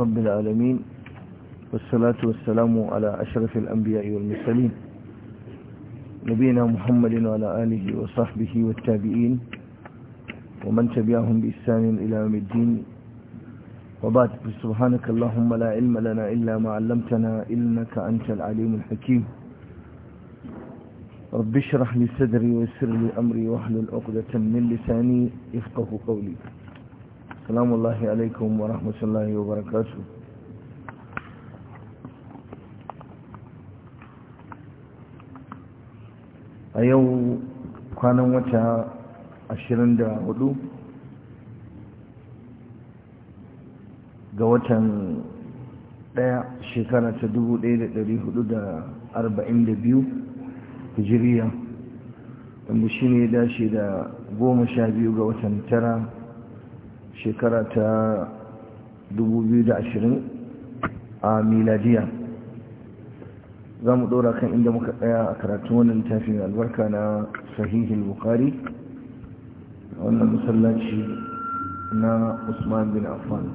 رب العالمين والصلاة والسلام على أشرف الأنبياء والمرسلين نبينا محمد وعلى آله وصحبه والتابعين ومن تبعهم بإحسان إلى يوم الدين وبعد سبحانك اللهم لا علم لنا إلا ما علمتنا إنك أنت العليم الحكيم رب اشرح لي صدري ويسر لي أمري واحلل عقدة من لساني يفقه قولي salamu alaikum wa rahmatullahi wa barakatu a yau kwanan wata ashirin da 24 ga watan ɗaya shekara ta dubu ɗaya da da 1442 hijiriya wanda shi ne ya dace da goma sha biyu ga watan tara shekara ta 2020 a miladiya za mu ɗora kan inda muka tsaya a karatun wannan littafin albarka na sahihin bukari wannan musallaci na usman bin affan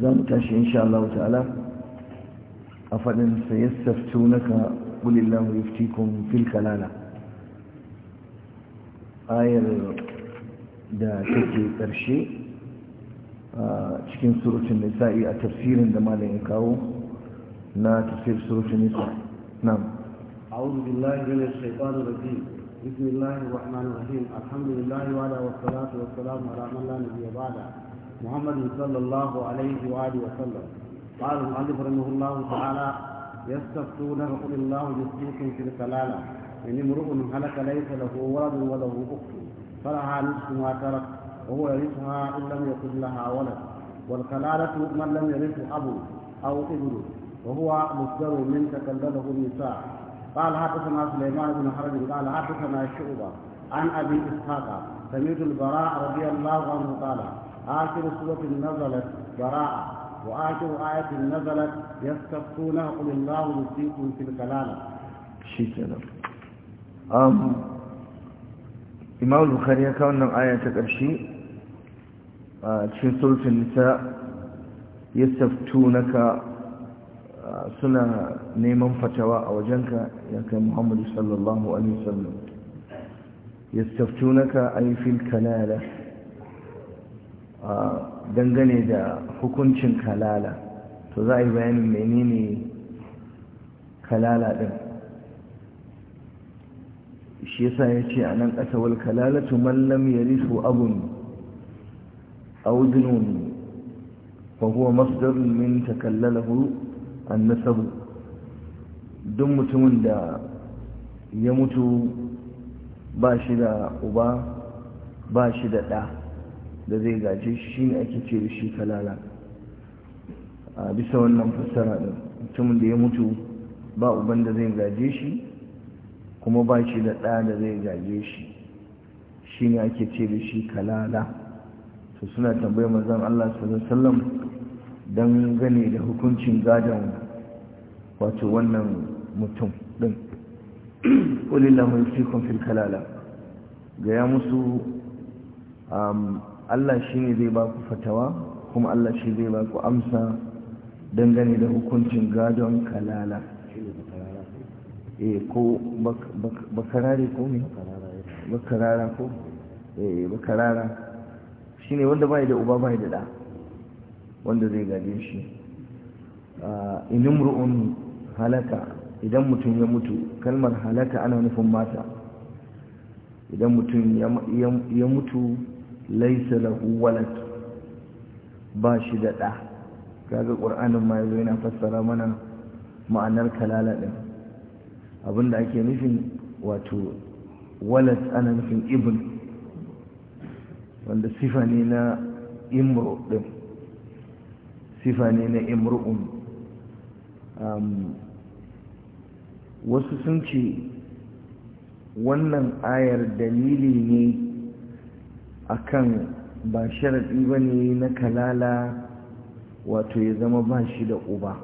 za mu tashi insha Allah ta'ala a faɗin sayassaftu naka bulillahu yuftikum fil kalala ayar da take ƙarshe cikin surucin nisa'i a tafsirin da ya kawo na tafsir surucin nisa'i nan a'udu billahi ne shaifanu rabi bismillahi wa amanu alhamdulillahi wa da wasalatu wasalamu ala amallan da ya bada muhammadu sallallahu alaihi wa ali wasallam قال المؤلف رحمه الله تعالى يستفتون قل الله يستيكم في الكلالة يعني امرؤ هلك ليس له ولد وله فلها نصف ما ترك وهو يرثها إن لم يكن لها ولد والكلالة من لم يرثه أب أو ابن وهو مصدر من تكلمه النساء قال حدثنا سليمان بن حرب قال حدثنا شعبة عن أبي إسحاق سميت البراء رضي الله عنه قال آخر سورة نزلت براء وآخر آية نزلت يستفتونه قل الله يفتيكم في الكلالة شيء أم imam bukhari ya kawo wannan aya ta ƙarshe a cikin sultan nisa ya saftu naka suna neman fatawa a wajenka ya kai muhammadu sallallahu alaihi wasallam ya saftu naka aifil kalala dangane da hukuncin kalala to za a yi bayanin menene kalala ɗin shi yasa ya ce a nan ƙasa wal kalalatu mallam ya risu abun audinun fahuwa masdarun min takallalahu an nasabu don mutumin da ya mutu ba shi da uba ba shi da ɗa da zai gaje shi ne ake ce da shi kalala a bisa wannan fassara ɗin mutumin da ya mutu ba uban da zai gaje shi kuma ba shi da ɗa da zai gaje shi shi ne ake ce da shi kalala su suna tambayar mazan Allah su alaihi wasallam don gane da hukuncin gadon wato wannan mutum ɗin din qulillahu sikon fil kalala ga musu um, Allah shi ne zai ba ku fatawa kuma Allah shi zai ba ku amsa gane da hukuncin gadon kalala eh ko bakarare ko ne bakarara ko eh bakarara shine wanda bai da uba bai da da wanda zai gaje shi ah, in imru'un halaka idan mutum ya mutu kalmar halaka ana nufin mata idan mutum ya mutu laisa lahu walad ba shi da da kaga ƙur'anin ma yana fassara mana ma'anar kalala ɗin abinda ake nufin wato walad ana nufin ibn wanda sifa ne na imru din sifa ne na imru'un wasu sun ce wannan ayar dalili ne akan ba sharaɗi ba ne na kalala wato ya zama ba shi da uba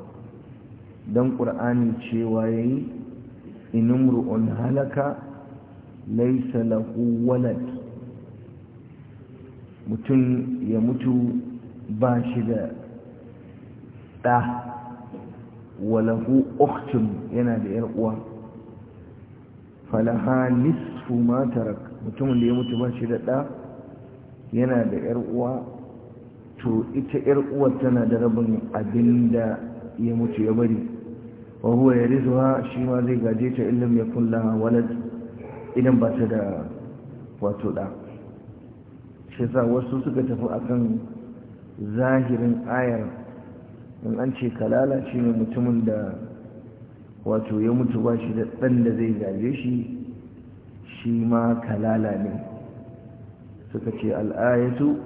don ƙur'ani cewa ya yi inumru'un halaka laisa lahu walad mutum ya mutu ba shi da ɗa walahu ukhtun yana da yar uwa falaha nisfu ma mutumin da ya mutu ba shi da ɗa yana da yar uwa to ita yar tana da rabin abinda ya mutu ya bari wa huwa yarithuha shi ma zai gaje ta illam ya kulla walad idan ba ta da wato da shi sa wasu suka tafi akan zahirin ayar in an ce kalala shi ne mutumin da wato ya mutu ba shi da ɗan da zai gaje shi shi ma kalala ne suka ce al'ayatu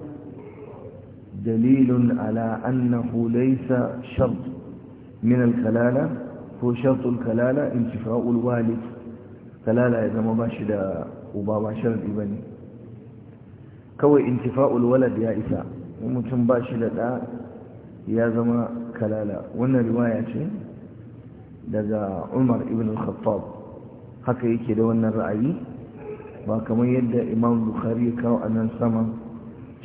dalilun ala annahu laysa shart min al-kalala ko shartul kalala intifa'ul walid kalala ya zama bashi da uba ba sharadi bane kawai intifa'ul walad ya isa mutum bashi da da ya zama kalala wannan riwaya ce daga Umar ibn al-Khattab haka yake da wannan ra'ayi ba kamar yadda Imam Bukhari ya kawo anan sama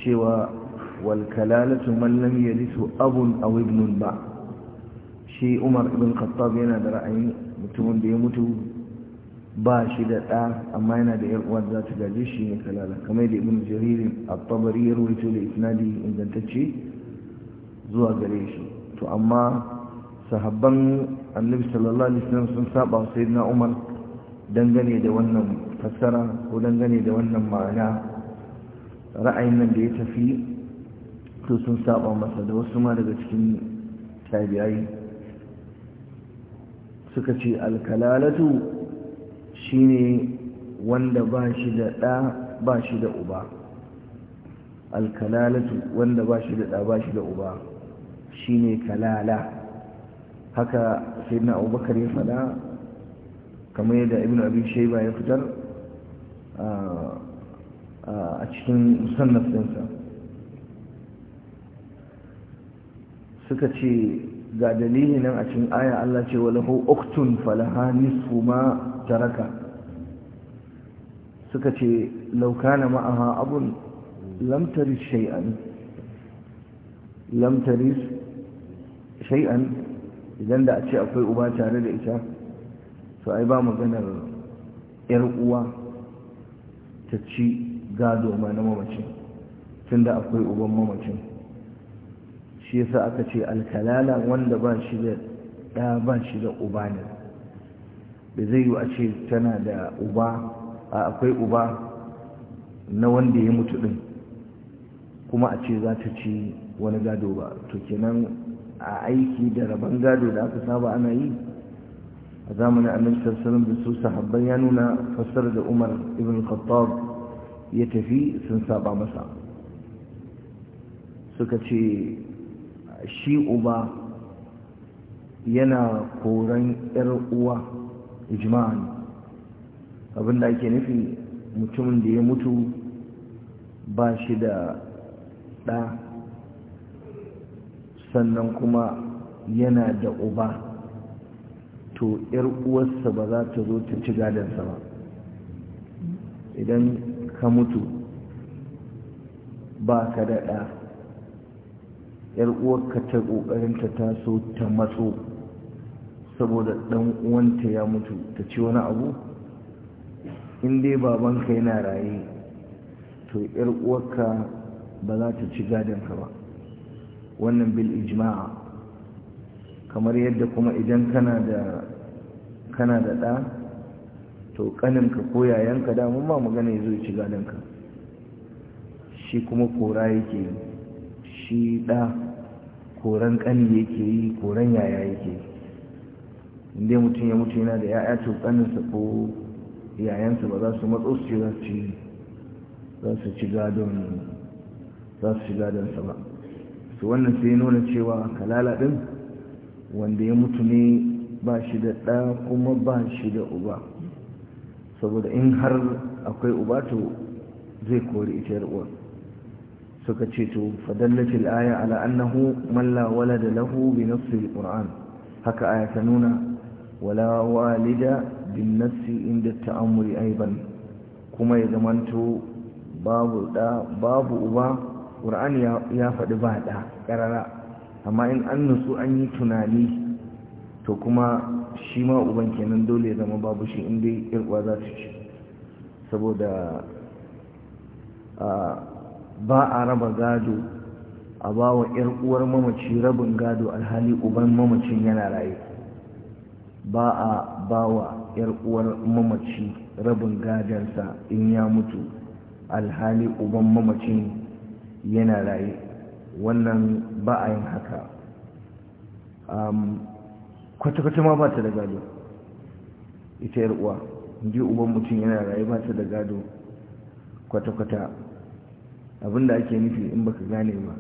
cewa wal kalalatu man lam yalisu abun aw ibnun ba' shi umar ibn khattab yana da ra'ayin mutumin da ya mutu ba shi da ɗa amma yana da uwar za ta gaje shi ne kalala kamar da ibn jaririn a tabari ya rubuta da isnadi ingantacce zuwa gare shi to amma sahabban annabi sallallahu alaihi wasallam sun saba wa sayyidina umar dangane da wannan fassara ko dangane da wannan ma'ana ra'ayin nan da ya tafi to sun saba masa da wasu ma daga cikin tabi'ai suka ce alkalalatu shine wanda ba shi da ɗa ba shi da uba alkalalatu wanda ba shi da ɗa ba shi da uba shine kalala haka sai na abubakar ya faɗa kamar yadda ibn abin shaiba ya fitar a cikin sinsa suka ce ga dalili nan a cikin aya Allah ce walahu uktun falaha nisfu ma taraka suka ce law kana ma'aha abun lam shay'an lam shay'an idan da a ce akwai uba tare da ita to ai ba maganar yar uwa ta ci gado ma na mamacin tunda akwai uban mamacin shi yasa aka ce alkalala wanda ba shi da ɗa ba shi da uba ne da zai yi a ce tana da uba a akwai uba na wanda ya mutu ɗin kuma a ce za ta ci wani gado ba to kenan a aiki da rabon gado da aka saba ana yi a zamanin annabi sallallahu da su sahabban ya nuna fassar da Umar ibn Khattab ya tafi sun saba masa suka ce shi uba yana koran ‘yar uwa ijma'an abinda ake nufi mutumin da ya mutu ba shi da ɗa sannan kuma yana da uba to ‘yar uwarsa ba za ta zo ta ci gadansa ba idan ka mutu ba ka da ɗa yar uwarka ta kokarin ta taso ta matso saboda dan uwanta ya mutu ta ci wani abu in dai babanka yana raye to yar uwarka ba za ta ci gadonka ba wannan bil ijma'a kamar yadda kuma idan kana da kana da ɗa to kaninka ko yayanka da mun magana ya zo ya ci gadonka shi kuma kora yake yi shi ɗa koren ƙani yake yi koren yaya yake inda mutum ya mutu yana da ya'ya to sa, ko yayansa ba za su matso su ce za su ci gadon za su ci sa ba su wannan sai nuna cewa kalala ɗin wanda ya mutu ne ba shi da ɗa kuma ba shi da uba saboda in har akwai uba to zai kori ita uwar suka ce to fadallatil aya ala annahu man la walada lahu bi nassi alquran haka aya ta nuna wala walida bin nassi inda ta'ammuli aiban kuma ya zamanto babu da babu uba qur'ani ya faɗi ba da karara amma in an nutsu an yi tunani to kuma shi ma uban kenan dole ya zama babu shi inda irkwa za su ci saboda ba a raba gado a ba wa 'yar uwar mamaci rabin gado alhali uban mamacin yana raye ba a ba wa 'yar uwar mamaci rabin gadansa in ya mutu alhali uban mamacin yana raye wannan ba a yin haka kwata-kwata ma ba ta da gado ita 'yar uwa ji uban mutum yana raye ba ta da gado kwata-kwata abin da ake nufi in baka gane ba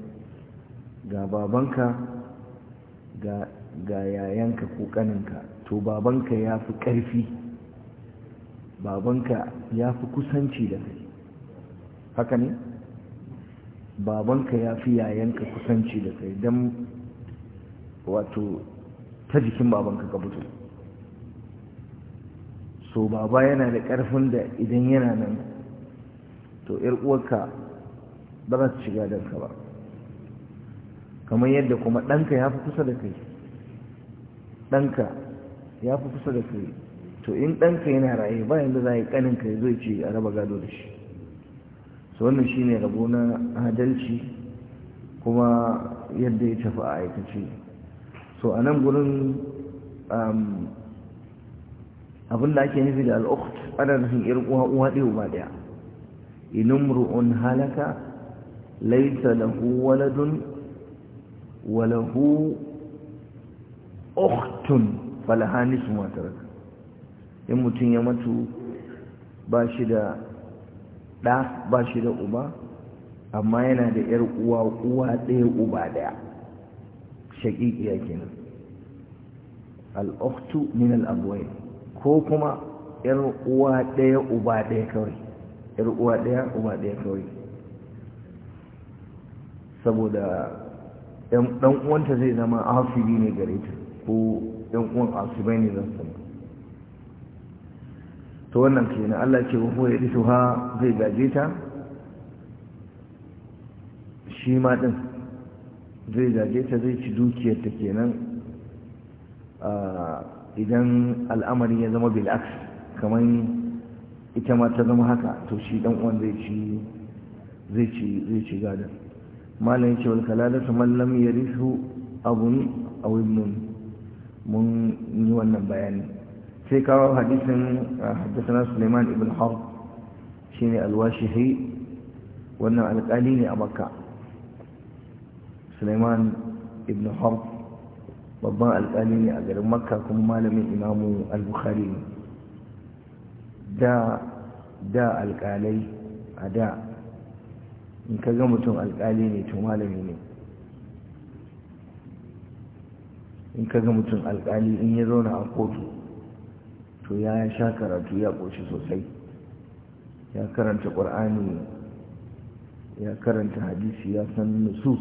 ga babanka ga yayanka ko kaninka to babanka ya fi ƙarfi babanka ya fi kusanci da kai haka ne babanka ya fi yayanka kusanci da kai don wato ta jikin babanka ka fito so baba yana da ƙarfin da idan yana nan to 'yar uwarka ba za su shiga danka ba kamar yadda kuma ɗanka ya fi kusa da kai ɗanka ya fi kusa da kai to in ɗanka yana raye bayan da za a yi ƙaninka ya zai ce a raba gado da shi so wannan shi ne rabo na adalci kuma yadda ya tafi a aikace so a nan gurin um, abin da ake nufi da al'ukut ana nufin irin uwa ɗaya ba ɗaya inumru'un halaka laisa lahu waladun walahu ukhtun falaha in mutum ya mutu ba shi da ɗa ba da uba amma yana da ‘yar uwa uwa ɗaya uba ɗaya shaƙiƙiya kenan al'uktu min al'abuwai ko kuma ‘yar uwa ɗaya uba ɗaya kawai ‘yar uwa ɗaya uba ɗaya kawai saboda ɗan uwanta zai zama asibi ne gare ta ko ɗan uwan asibai ne zan sama to wannan kenan Allah ce ya huwa ha zai gaje ta shi ma din zai gaje ta zai ci dukiyar ta kenan idan al'amari ya zama bil'aks kamar ita ma ta zama haka to shi dan uwan zai ci zai ci zai malam yace wal kalalatu man ya yarithu abun a ibnun mun yi wannan bayani sai kawo hadisin ah, haddathana suleiman ibn Harb shi ne alwashihi wannan alƙali ne a Makka suleiman ibn Harb babban alƙali ne a garin Makka kuma malamin Imamu al-Bukhari da da alƙalai a da in ka ga mutum alƙali ne to malami ne in ka ga mutum alƙali in ya zauna a kotu to ya sha karatu ya ƙoshi sosai ya karanta ƙur'ani ya karanta hadisi ya san nusus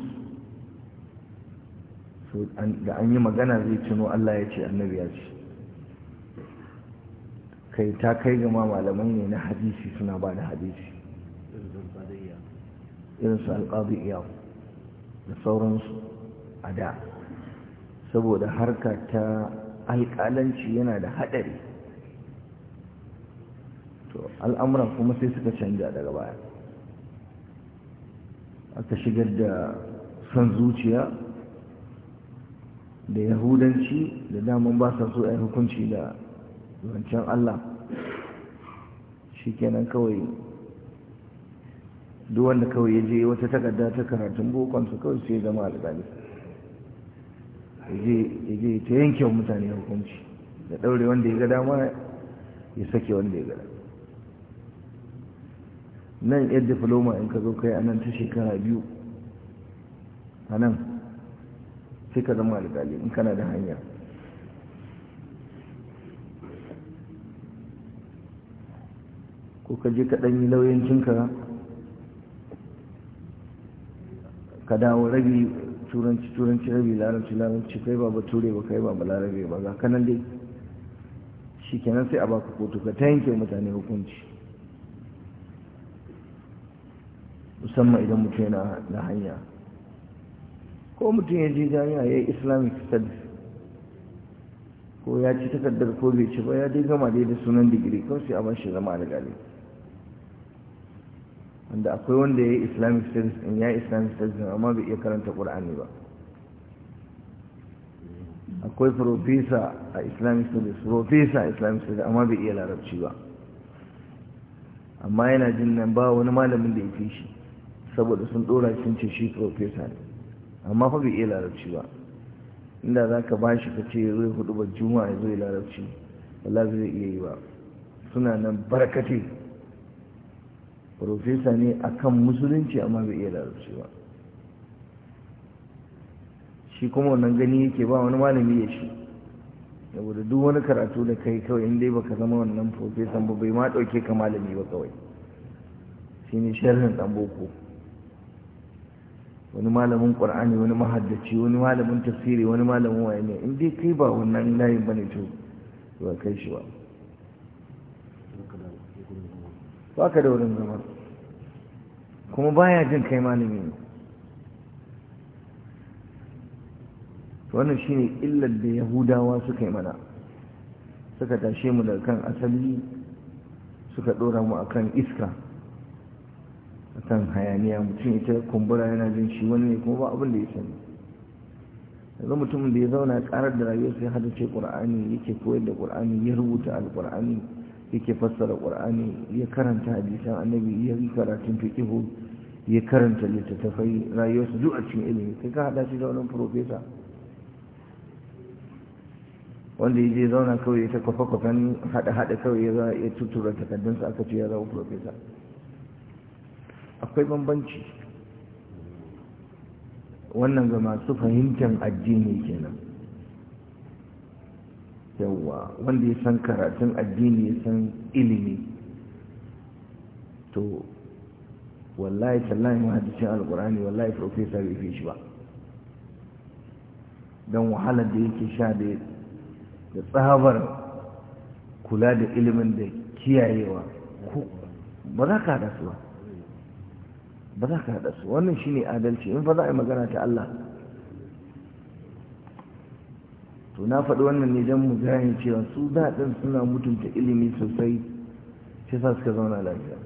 da an yi magana zai cino Allah ya ce annabi ya ce kai ta kai gama malamai ne na hadisi suna ba da hadisi irin su alƙadu iyawu da sauransu a da saboda harka ta alƙalanci yana da haɗari to al'amuran kuma sai suka canja daga baya aka shigar da son zuciya da yahudanci da daman ba sa so a hukunci da zancen Allah shi kenan kawai duk wanda kawai ya je wata takarda ta karatun su kawai sai zama alƙali ya je ta yanke mutane hukunci da ɗaure wanda ya ga dama ya sake wanda ya ga dama nan yar diploma in ka zo kai a nan ta shekara biyu a nan sai ka zama alƙali in kana da hanya ko ka je ka ɗanyi lauyancinka ka dawo rabi turanci turanci rabi larabci larabci kai ba Ture, ba kai ba Larabe. ba za ka nan dai shi kenan sai a baka kotu ka ta yanke mutane hukunci musamman idan mutum yana na hanya ko mutum ya je jami'a ya yi islamic studies ko ya ci takardar ko bai ci ba ya dai gama dai da sunan digiri kawai sai a bashi zama alƙali wanda akwai wanda ya yi islamic studies in ya yi islamic studies amma bai iya karanta ƙur'ani ba akwai profesa a islamic studies profesa a islamic studies amma bai iya larabci ba amma yana jin nan ba wani malamin da ya fi shi saboda sun dora sun ce shi profesa ne amma fa bai iya larabci ba inda za ka shi ka ce zai hudu ba juma'a ya zo ya larabci wala zai iya yi ba suna nan barkatai profesa ne a kan musulunci amma bai iya larabci ba shi kuma wannan gani yake ba wani malami ya shi yabuda duk wani karatu da kai kawai in dai baka zama wannan profesa ba bai ma ɗauke ka malami ba kawai shi ne sharhin ɗanboko boko wani malamin ƙwar'ani wani mahaddaci wani malamin tafsiri wani malamin waye ne in dai kai ba wannan layin bane to ba kai shi ba ba ka da wurin zama kuma baya jin kai malami ne wannan shine illar da yahudawa suka yi mana suka tashe mu da kan asali suka ɗora mu akan iska akan hayaniya mutum ita kumbura yana jin shi wani ne kuma ba abin da ya sani yanzu mutumin da ya zauna karar da rayuwa sai hada ce ƙur'ani yake koyar da ƙur'ani ya rubuta alƙur'ani yake fassara ƙur'ani ya karanta hadisan annabi ya yi karatun fiƙihu ya karanta littattafai rayuwarsa duk cikin ilimi kai ka haɗa shi da wani profesa wanda ya je zauna kawai ya ta kwafa-kwafan haɗa-haɗa kawai ya tutura takardunsa aka ce ya zama profesa akwai bambanci wannan ga masu fahimtar addini kenan yawwa wanda ya san karatun addini ya san ilimi to wallahi tallahi mahadicin alkurani wallahi profesa bai fi shi ba don wahalar da yake sha da tsabar kula da ilimin da kiyayewa ko ba za ka haɗa su ba ba za ka haɗa su wannan shine adalci in fa za a yi magana ta Allah to na faɗi wannan ne don mu gane cewa su daɗin suna mutunta ilimi sosai sai sa suka zauna lafiya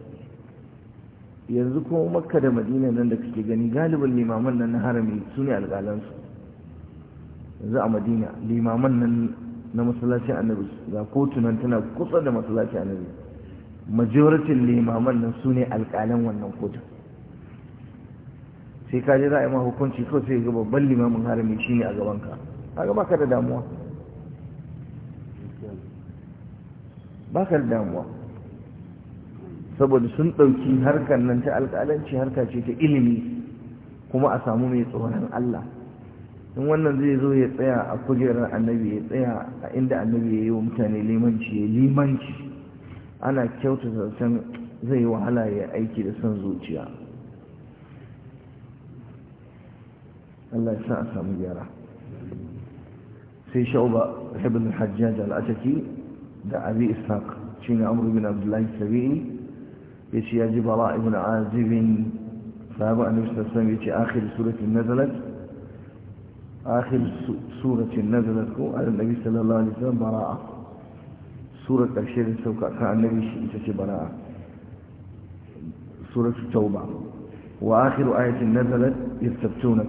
yanzu kuma makka da madina nan da kake gani galibin limaman nan na harami su ne alƙalansu yanzu a madina limaman nan na masallacin annabi ga kotu nan tana kusa da masallacin annabi majoritin limaman nan su ne alƙalan wannan kotun sai ka ji za a yi ma hukunci kawai sai ga babban limamin harami shine a gabanka kaga baka da damuwa baka da damuwa saboda sun ɗauki harkar nan ta alƙalanci harka ce ta ilimi kuma a samu mai tsoron Allah in wannan zai zo ya tsaya a kujerar annabi ya tsaya a inda annabi ya yi wa mutane limanci ya limanci ana kyauta zancen zai yi wahala ya aiki da son zuciya Allah ya sa a samu gyara سي شعبة ابن الحجاج الأتكي دع أبي إسحاق شين عمرو بن عبد الله السبيعي يشي أجي براء بن عازب فهو أن يستسلم يشي آخر سورة نزلت آخر سورة نزلت على النبي صلى الله عليه وسلم براءة سورة الشيخ سوكا كان النبي يشي براءة سورة التوبة وآخر آية نزلت يستبتونك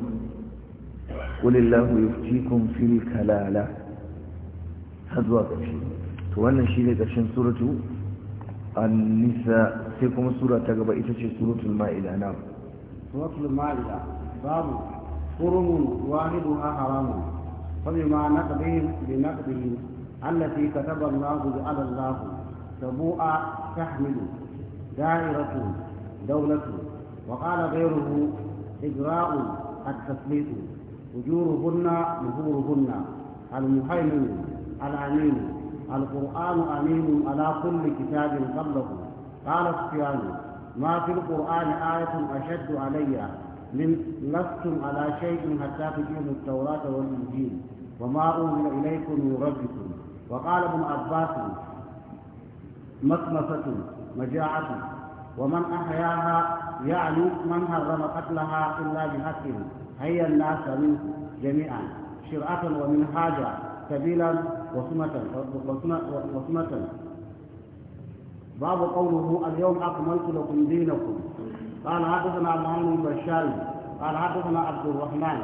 قل الله يفتيكم في الكلالة هذا واضح توانا شيلة عشان سورة النساء سيكم سورة تقبع إيش سورة الماء إلى نار نعم. سورة الماء إلى باب حرم واحدها حرام فبما نقضهم بنقضهم التي كتب الله على الله تبوء تحمل دائرة دولة وقال غيره إجراء التسليط أجورهن نزورهن المهيمن الأمين القرآن أمين على كل كتاب قبله قال سفيان ما في القرآن آية أشد علي من لستم على شيء حتى تجيبوا التوراة والإنجيل وما أنزل إليكم من ربكم وقال ابن عباس مطمسة مجاعة ومن أحياها يعني من حرم قتلها إلا بحقه هيا الناس من جميعا شرعة ومنهاجا سبيلا وسمة وسمة باب قوله اليوم أكملت لكم دينكم قال حدثنا محمد بن بشار قال حدثنا عبد الرحمن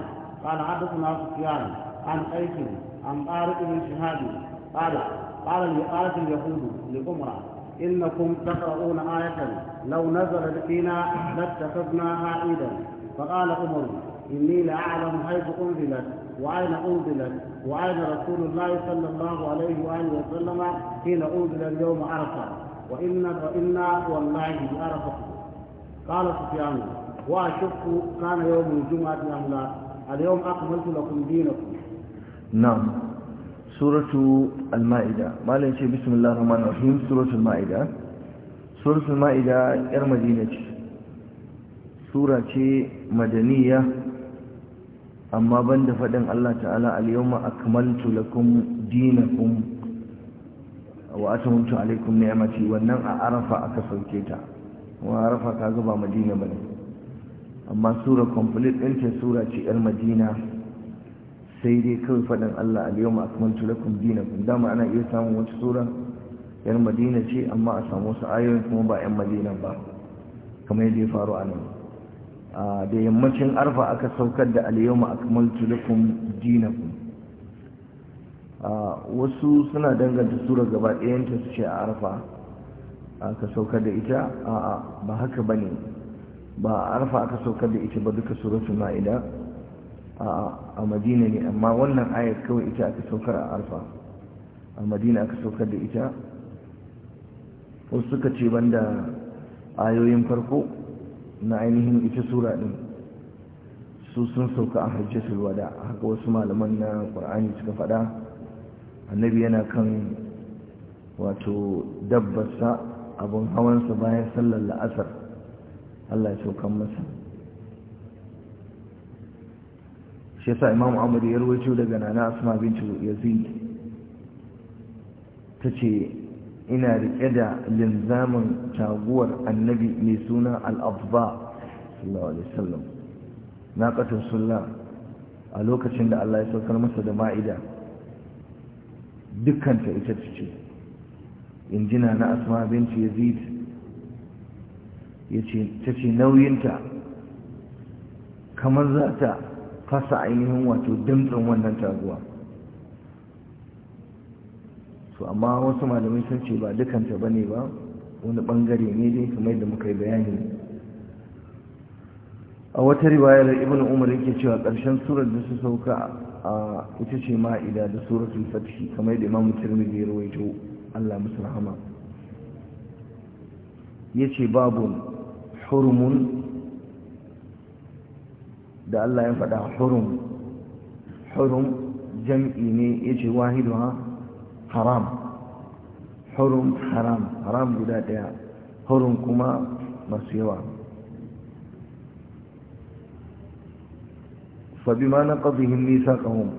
قال حدثنا سفيان عن قيس عن طارق بن شهاب قال قال قالت اليهود لقمرة انكم تقرؤون آية لو نزلت فينا لاتخذناها عيدا فقال عمر إني لأعلم حيث أنزلت وأين أنزلت وأين رسول الله صلى الله عليه وآله وسلم حين أنزل اليوم عرفة وإنا وإنا والله بعرفة قال سفيان وأشك كان يوم الجمعة أهلا اليوم أكملت لكم دينكم نعم سورة المائدة ما لنشي بسم الله الرحمن الرحيم سورة المائدة سورة المائدة إرمدينة سورة مدنية amma ban da faɗin Allah ta'ala al-yawma akmaltu lakum dinakum wa atamtu alaikum ni'mati wannan a arafa aka sauke ta wa arafa kaga ba madina bane amma sura complete din ce sura ce yar madina sai dai kawai faɗin Allah al-yawma akmaltu lakum dinakum dama ana iya samun wata sura yar madina ce amma a samu wasu ayoyin kuma ba yan madina ba kamar yadda ya faru a nan Ah, da yammacin arfa aka saukar da alyawma akmaltu lakum dinakum ah, wasu suna danganta sura gaba ɗayanta su ce a arfa aka saukar da ita a'a ba haka bane ba a arfa aka saukar da ita ba duka suratul ma'ida a madina ne amma wannan ayar kawai ita aka saukar a arfa a madina aka saukar da ita wasu suka ce banda ayoyin farko na ainihin ita sura din su sun sauka a hajjatul wada haka wasu malaman na ƙwar'ani suka faɗa annabi yana kan wato dabbarsa abin hawansa bayan sallar la'asar Allah ya saukan masa shi yasa imamu amur ya daga nana asma bintu yazid ce. ina riƙe da linzamin taguwar annabi mai suna al'abba sallallahu alaihi wasallam na ƙasar sulla a lokacin da Allah ya saukar masa da ma'ida dukkanta ita ce injina na asma binci yazid ta ce nauyinta kamar za ta fasa ainihin wato dimtsin wannan taguwa to amma wasu malamai sun ce ba dukanta ba ne ba wani bangare ne dai kamar da muka yi bayani a wata riwayar ibn umar yake cewa ƙarshen surar da su sauka a ita ce ma'ida da suratul fathi kamar da imamu tirmidhi ya rawaito Allah musu rahama yace babun hurumun da Allah ya faɗa hurum hurum jam'i ne yace ha حرام حرم حرام حرام بذاتها حرم كما kuma فبما نقضهم ميثاقهم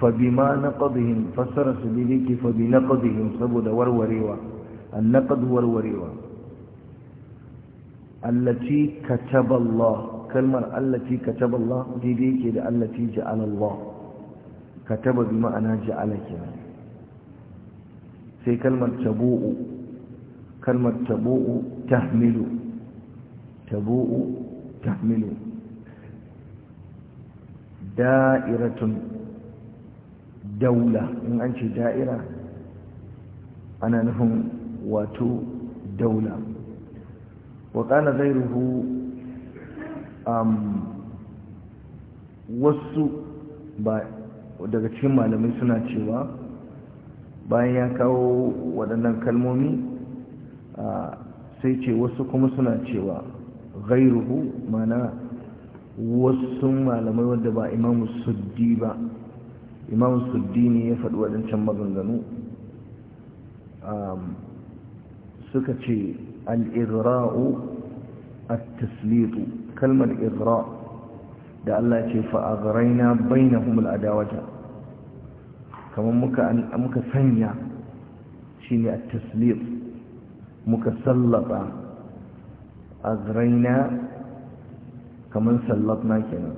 فبما نقضهم فسر سبيليك فبنقضهم سبد وروريوا النقد وروريوا التي كتب الله كلمة التي كتب الله ديديك التي جعل الله كتب بمعنى جعلك sai kalmar tabu'u kalmar tabu'u tahmilu tabu'u tahmilu da'iratun daula in an ce da'ira ana nufin wato daula وقال غيره wasu ba daga cikin malamai suna cewa bayan ya kawo waɗannan kalmomi sai ce wasu kuma suna cewa gairuhu mana wasu malamai wadda ba imamu suddi ba imamu suddi ne ya faɗi waɗancan maganganu suka ce al'irra'u a taslitu kalmar irra'u da Allah ce fa'agaraina bainahum adawata kamar muka sanya shi ne a taslir muka sallaba azraina kamar sallabna kenan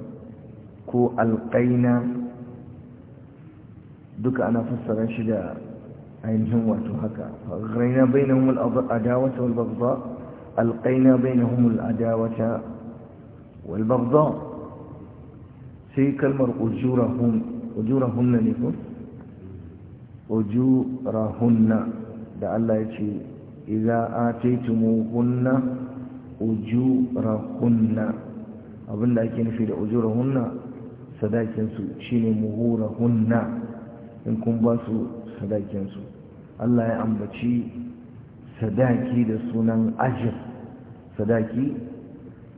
ko alƙaina duka ana fassara shi da ainihin wato haka bai na al-adawata wal alƙaina bai na al-adawata wal baghdha sai kalmar ujurahum ujurahum ne ko ujurahunna da Allah ya ce hunna uju ujurahunna abinda ake nufi da ujurahunna sadakin su shine muhurahunna in kun ba su sadakin Allah ya ambaci sadaki da sunan ajir sadaki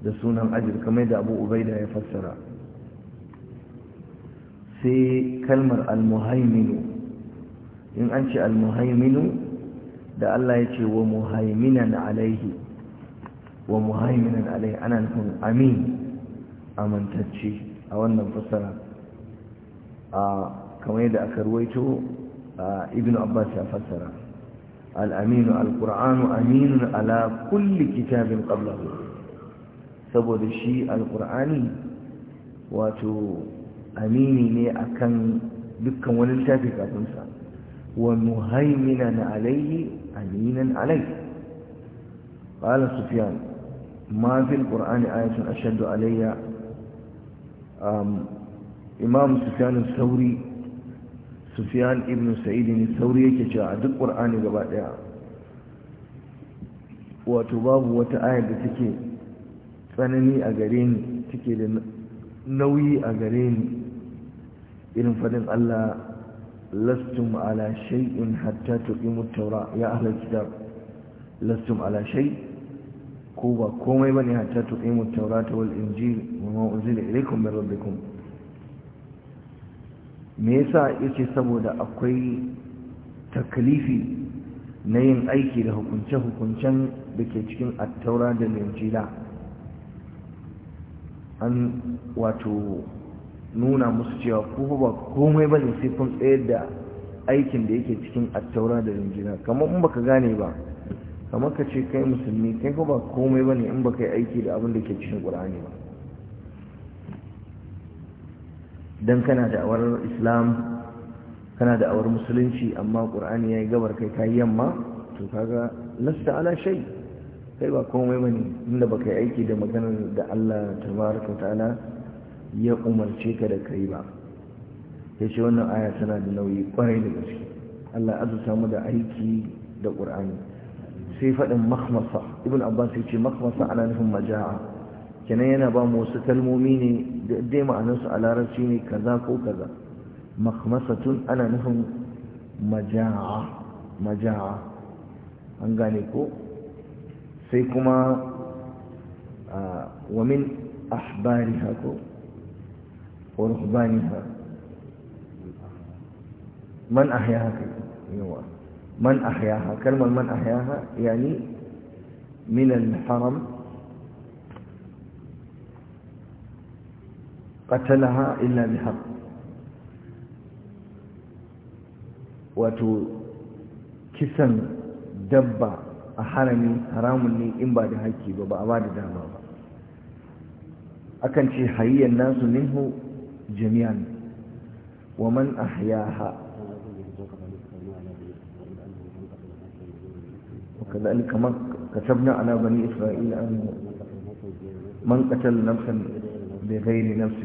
da sunan ajir kamar da Abu Ubaida ya fassara sai kalmar al-muhaiminu in an ce almuhaiminu da Allah ya ce wa muhaiminan alaihi wa muhaiminan alaihi ana nufin amin amintacce a wannan fassara a kamar yadda aka ruwaito ibn abbas ya fassara al'aminu al'ur'anu aminu ala kulli kitabin ƙablahu saboda shi al'ur'ani wato amini ne akan dukkan wani littafi kafinsa ومهيمنا عليه أمينا عليه قال سفيان ما في القرآن آية أشد علي إمام سفيان الثوري سفيان ابن سعيد الثوري yake cewa duk ƙur'ani gaba ɗaya. wato babu wata ayar da take tsanani a gare ni take da nauyi a gare ni irin fadin Allah لستم على شيء حتى تقيموا التوراة يا أهل الكتاب لستم على شيء كوبا كومي بني حتى تقيموا التوراة والإنجيل وما أنزل إليكم من ربكم ميسا yasa yake saboda akwai taklifi na yin aiki da hukunce-hukuncen da ke cikin attaura da nuna musu cewa ku ba komai ba ne sai kun tsayar da aikin da yake cikin attaura da rinjina kamar in baka gane ba kamar ka ce kai musulmi kai ba komai ba ne in baka yi aiki da abin da ke cikin ƙur'ani ba don kana da awar islam kana da awar musulunci amma ƙur'ani ya yi gabar kai ka yamma to kaga lasta ala shai kai ba komai ba ne inda baka yi aiki da maganar da allah tabaraka ta'ala ya umarce ka da kai ba ya ce wannan aya tana da nauyi kwarai da gaske Allah azurta samu da aiki da ƙur'ani sai faɗin makhmasa ibn abbas ya ce makhmasa ana nufin maja'a kenan yana ba mu wasu kalmomi ne da dai ma'anarsu a larabci ne kaza ko kaza makhmasatun ana nufin maja'a maja'a an gane ko sai kuma ah, wa min ahbariha ko ورهبانها من أحياها أيوة. من أحياها كلمة من أحياها يعني من الحرم قتلها إلا بحق وتكسن دب أحرمي حرامني إن بعد هيك بابا أباد داما أكن شي حي الناس منه جميعا ومن أحياها وكذلك ما كتبنا على بني إسرائيل أن من قتل نفسا بغير نفس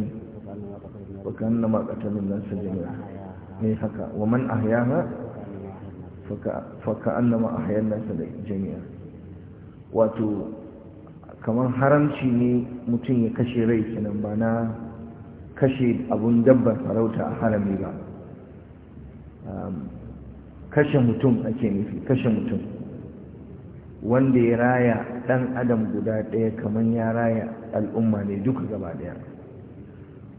وكأنما قتل الناس جميعا ومن أحياها فكأنما أحيا الناس جميعا وتو kamar haramci ne mutum ya kashe rai kenan ba na kashe abun dabbar farauta a harami ba um, kashe mutum ake nufi kashe mutum wanda ya raya ɗan adam guda ɗaya kamar ya raya al'umma ne duka gaba ɗaya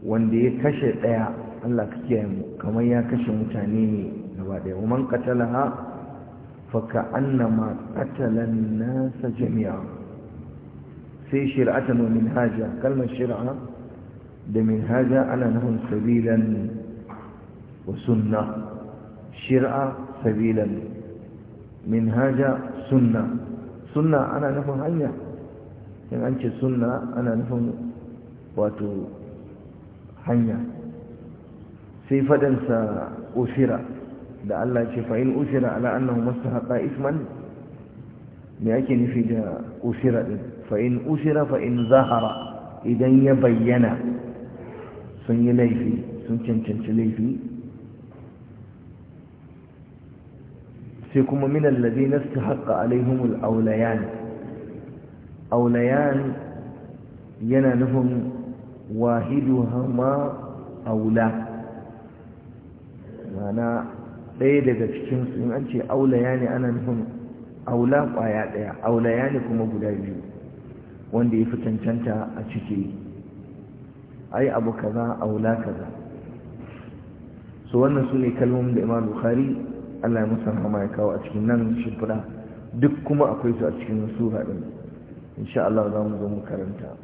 wanda ya kashe ɗaya Allah ka kiyaye mu kamar ya kashe mutane ne gaba ɗaya man qatalaha ha ka'annama qatala an-nasa jami'a sai shir'atan wa minhaja kalmar shir'a da min haja ana nufin sabilan sunna shir'a sabilan min sunna sunna ana nufin hanya in sunna ana nufin wato hanya sai fadansa usira da Allah ce fa'in usira ala annahu mastahaqa isman me ake nufi da usira ɗin fa'in usira fa'in zahara idan ya bayyana sun yi laifi sun cancanci laifi sai kuma min allazi su haƙa alaihimul aulayan aulayan yana nufin wahidu hama aula mana ɗaya daga cikin in an ce aulaya ne ana nufin aula ƙwaya ɗaya aulaya ne kuma guda biyu wanda ya fi cancanta a ciki ai abu kaza aula kaza su wannan su ne kalmomin da imam bukhari Allah ya musa rahama ya kawo a cikin nan shimfiɗa duk kuma akwai su a cikin sura din insha Allah za mu zo mu karanta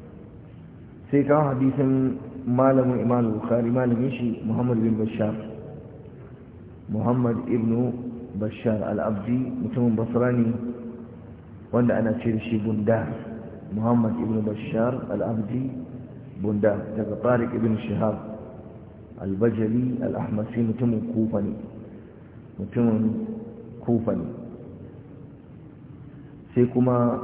sai kawo hadisin malamin imam bukhari malamin shi muhammad bin bashar muhammad ibnu bashar al-abdi mutumin basra ne wanda ana ce da shi gunda muhammad ibnu bashar al-abdi bunda daga tariq ibn shahab albajali al'ahmasi mutumin kufa ne mutumin kufa ne sai kuma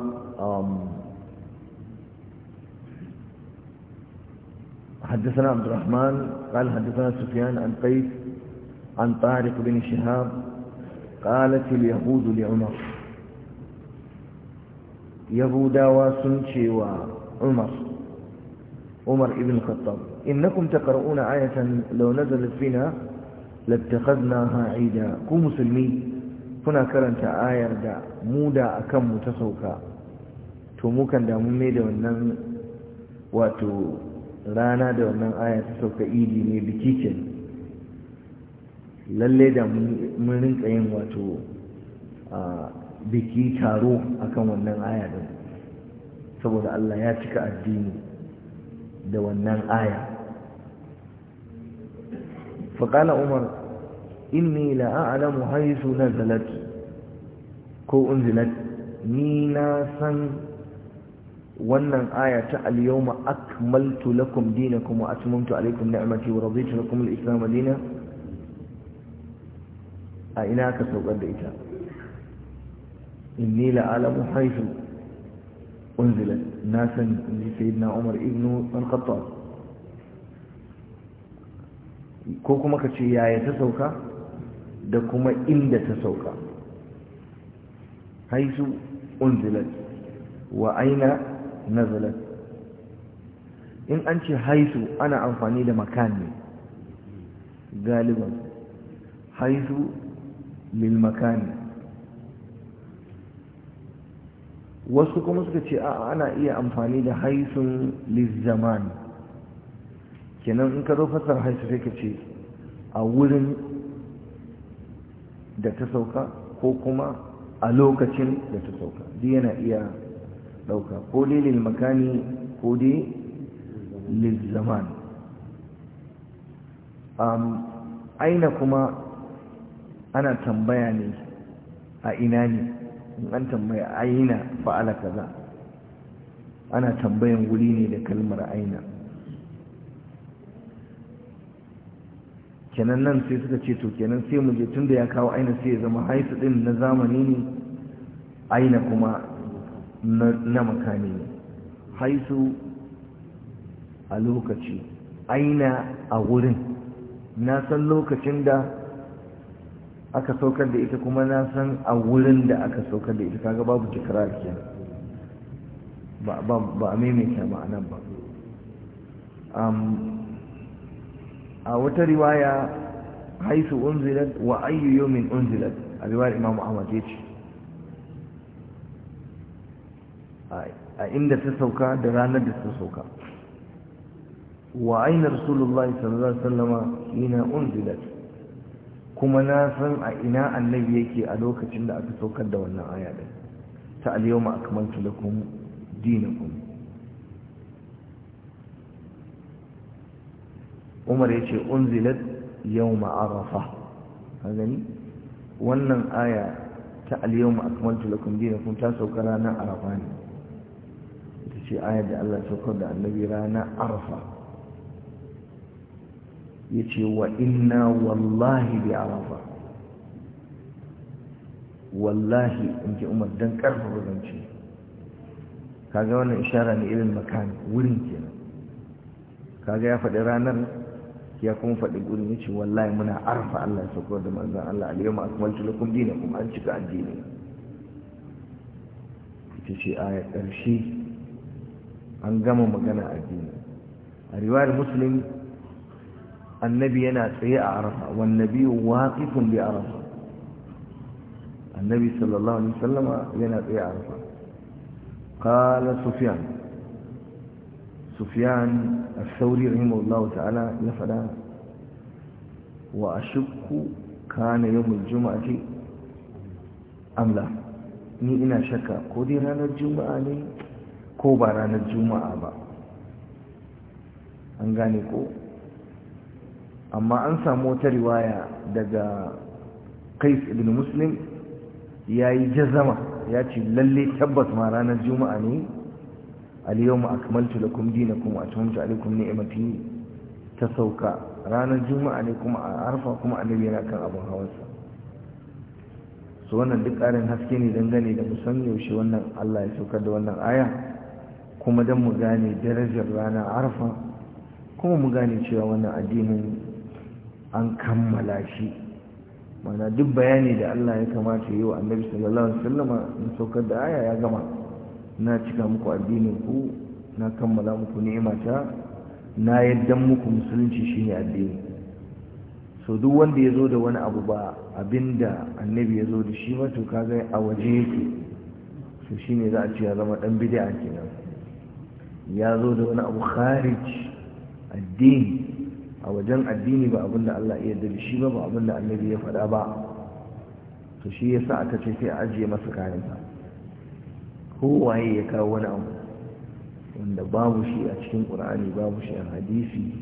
حدثنا عبد الرحمن قال حدثنا سفيان عن قيس عن طارق بن شهاب قالت اليهود لعمر يهودا وسنشي وعمر عمر بن الخطاب إنكم تقرؤون آية لو نزلت فينا لاتخذناها عيدا كو مسلمي هنا كرنت آية دا مودا أكم متسوكا تموكا دا مميدا ونن واتو رانا دا ونن آية تسوكا إيدي ني بكيكن للي دا mun rinka واتو بكي تارو أكم ونن آية دا din saboda Allah ya cika da wannan aya faƙala umar inni la'a'alamu haisu na zalati ko unzilat ni na san wannan aya ta al-yawma akmaltu lakum kuma wa atmamtu alaykum ni'mati wa raditu lakum al-islam dinan a ina ka saukar da ita inni la'alamu haisu أنزلت ناسا لسيدنا عمر ابن الخطاب ko kuma ka ce yaya ta sauka da kuma inda ta sauka haisu unzilat wa aina nazalat in an ce haisu ana amfani da makani galiban haisu lil makani wasu kuma suka ce a ana iya amfani da haisun lizzaman kenan in ka zo fasar haisu sai ka ce a wurin da ta sauka ko kuma a lokacin da ta sauka duk yana iya ɗauka ko dai lil makani ko dai lizzaman aina kuma ana tambaya ne a ina ne in an tambaya aina fa'ala kaza ana tambayan wuri ne da kalmar aina kenan nan sai suka ce to kenan sai mu je tunda ya kawo aina sai ya zama haisu din na zamani ne aina kuma na makami ne haisu a lokaci aina a wurin na san lokacin da aka saukar da ita kuma na san a wurin da aka saukar da ita kaga babu tikrar ke ba a maimaita ma'anar ba a wata riwaya haisu unzilat wa ayyu yomin unzilat a riwayar imam ahmad ce. a inda ta sauka da ranar da ta sauka wa ainihin rasulullah sallallahu alaihi wasallama ina unzilat kuma na san a ina annabi yake a lokacin da aka saukar da wannan aya din ta alyawma akmaltu lakum dinakum Umar yace unzilat yawma arafa gani wannan aya ta alyawma akmaltu lakum dinakum ta sauka ranar arafa ne ita ce aya da Allah saukar da annabi ranar arafa yace wa inna wallahi bi arafa wallahi in ji umar don karfafa zance kaga wannan ishara ne irin makan wurin kenan kaga ya faɗi ranar ya kuma faɗi gurin ya ce wallahi muna arfa Allah ya sauko da manzan Allah a yawma akmaltu lakum kuma an cika addini ita ce aya ƙarshe an gama magana addini a riwayar muslim annabi yana tsaye a arafa wan nabiyyu waqifun bi arafa annabi sallallahu alaihi wasallam yana tsaye a arafa qala sufyan sufyan ta'ala رحمه الله wa a وأشك كان يوم الجمعة أم amla ni ina shakka ko dai ranar juma'a ne ko ba ranar juma'a ba an gane ko amma an samu wata riwaya daga kais ibn muslim ya yi jazama ya ce lalle tabbas ma ranar juma'a ne aliyu akmaltu lakum dinakum wa atamamtu alaykum ni'mati ta sauka ranar juma'a ne kuma a arfa kuma annabi yana kan abin hawansa su wannan duk karin haske ne dangane da musan yaushe wannan Allah ya saukar da wannan aya kuma don mu gane darajar ranar arfa kuma mu gane cewa wannan addinin an kammala shi mana duk bayani da Allah ya kamata yi wa annabi sallallahu alaihi wasallama in saukar da aya ya gama na cika muku addinin ku na kammala muku ni'ima ta na yadda muku musulunci shine addini so duk wanda yazo zo da wani abu ba abinda annabi yazo da shi ba to kaga a waje yake so shine za a ce ya zama dan bid'a kenan ya zo da wani abu kharij addini a wajen addini ba abin da Allah iya da shi ba ba abin da annabi ya faɗa ba to shi yasa aka ce sai a ajiye masa kayansa kowaye ya kawo wani abu wanda babu shi a cikin ƙur'ani babu shi a hadisi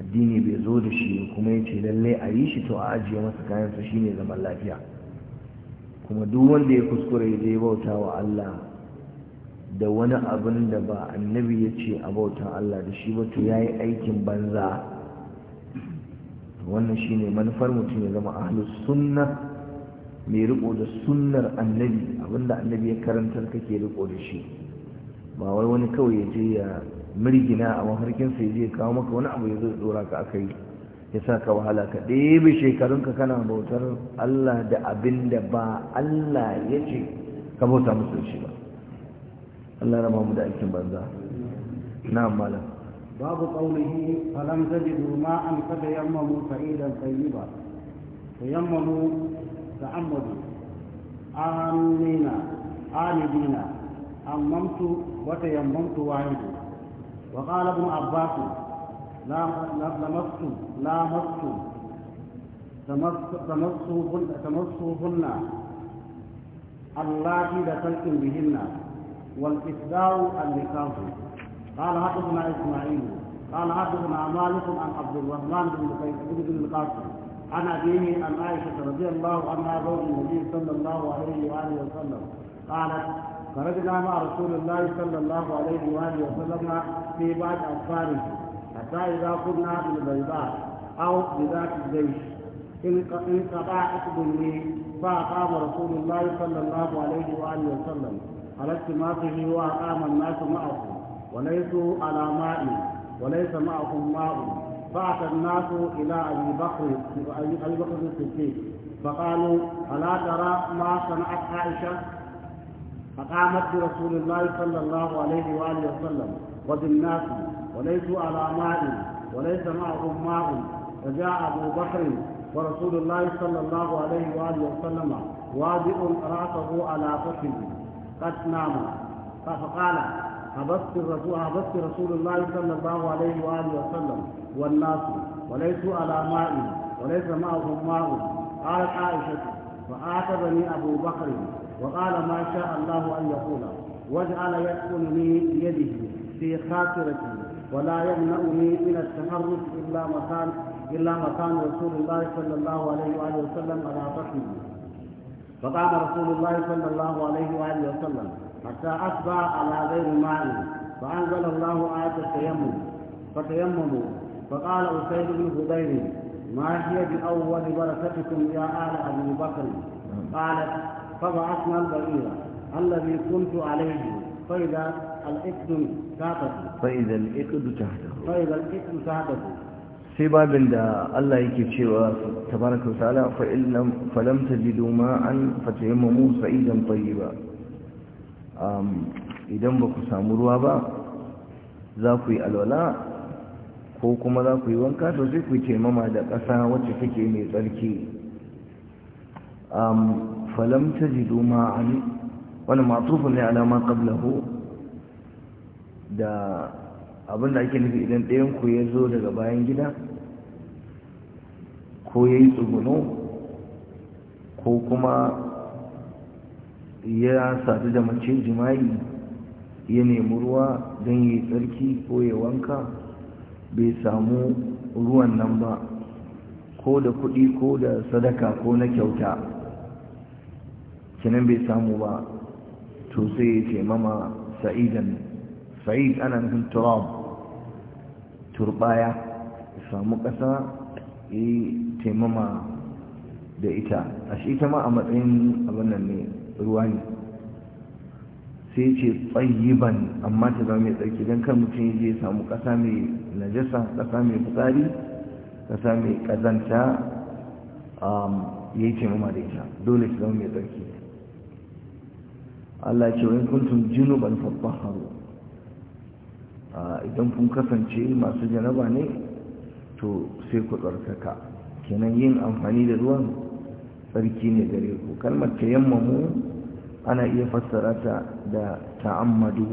addini bai zo da shi kuma ya ce lallai a yi shi to a ajiye masa kayansa shine zaman lafiya kuma duk wanda ya kuskure ya je bauta wa Allah da wani abin da ba annabi ya ce a bautan Allah da shi wato ya yi aikin banza wannan shi ne manufar mutum ya zama ahlus sunna mai riko da sunnar annabi abinda annabi ya karantar kake riko da shi ba wai wani kawai ya je ya mirgina a mafarkinsa ya je kawo maka wani abu ya zo dora ka aka yi ya sa ka wahala ka ɗebe shekarunka kana bautar Allah da abin da ba Allah ya ce ka bauta musu ba الله ربما مدعيك بأزا نعم مالا باب قوله فلم تجدوا ماء فتيمموا سعيدا طيبا تيمموا تعمدوا آمنا آمدينا أممت وتيممت واحد وقال ابن عباس لا لمست لا مست تمسوا تمسوا اللاتي دخلتم بهن والإسباع الركاب قال حدثنا إسماعيل قال حدثنا مالك عن عبد الرحمن بن بن القاسم عن أبيه عن عائشة رضي الله عنها زوج النبي صلى الله عليه وآله وسلم قالت خرجنا مع رسول الله صلى الله عليه وآله وسلم في بعض اطفاله حتى إذا قلنا بالبيضاء أو بذات الجيش انقطع إقبل لي فأقام رسول الله صلى الله عليه وآله وسلم على استماته وأقام الناس معه وليسوا على ماء وليس معهم ماء فأتى الناس إلى أبي بكر أبي بكر الصديق فقالوا ألا ترى ما صنعت عائشة فقامت برسول الله صلى الله عليه وآله وسلم وبالناس وليسوا على ماء وليس معهم ماء فجاء أبو بكر ورسول الله صلى الله عليه وآله وسلم وادئ رأسه على فخذه قد ناموا فقال هبطت الرسول هبطت رسول الله صلى الله عليه واله وسلم والناس وليس على ماء وليس معهم ماء قالت عائشه فاعتبني ابو بكر وقال ما شاء الله ان يقول واجعل يدخلني بيده في خاطرتي ولا يمنعني من التحرك الا مكان الا مكان رسول الله صلى الله عليه واله وسلم على فخذي فقام رسول الله صلى الله عليه وآله وسلم حتى أتبع على غير ماء فأنزل الله آية التيمم فتيمموا فقال أسيد بن هبير ما هي بأول بركتكم يا آل أبي بكر قالت فبعثنا البعير الذي كنت عليه فإذا الإكد تحته فإذا الإكد تحته فإذا الإكد تحته sai babin da Allah yake cewa tabaraka ta'ala fa illam falam tajidu ma'an fatayammamu sa'idan tayyiba um idan ba ku samu ruwa ba za ku yi alwala ko kuma za ku yi wanka to sai ku taimama da ƙasa wacce take mai tsarki um falam tajidu ma'an wannan matufun ne alama qablahu da abinda ake nufi idan ɗayan ku ya zo daga bayan gida ko ya yi tsuguno ko kuma ya sadu da mace jima'i ya nemi ruwa don ya yi tsarki ko ya wanka bai samu ruwan nan ba ko da kuɗi ko da sadaka ko na kyauta kinan bai samu ba to sai ya ce mama sa'idan sa'id ana nufin turab turbaya samu kasa. yi taimama da ita a shi ita ma a matsayin abinnan ne ruwa ne sai ce tsayiban amma ta zama mai tsarki don kan mutum ya je samu kasa mai najasa kasa mai fitsari kasa mai ƙazanta um, ya yi taimama da ita dole ta zama mai tsarki Allah ce wani ban junuban fattaharu uh, idan kun kasance masu janaba ne to sai ku tsarkaka kenan yin amfani da ruwan tsarki ne gare ku kalmar tayammamu ana iya fassara ta da ta'ammadu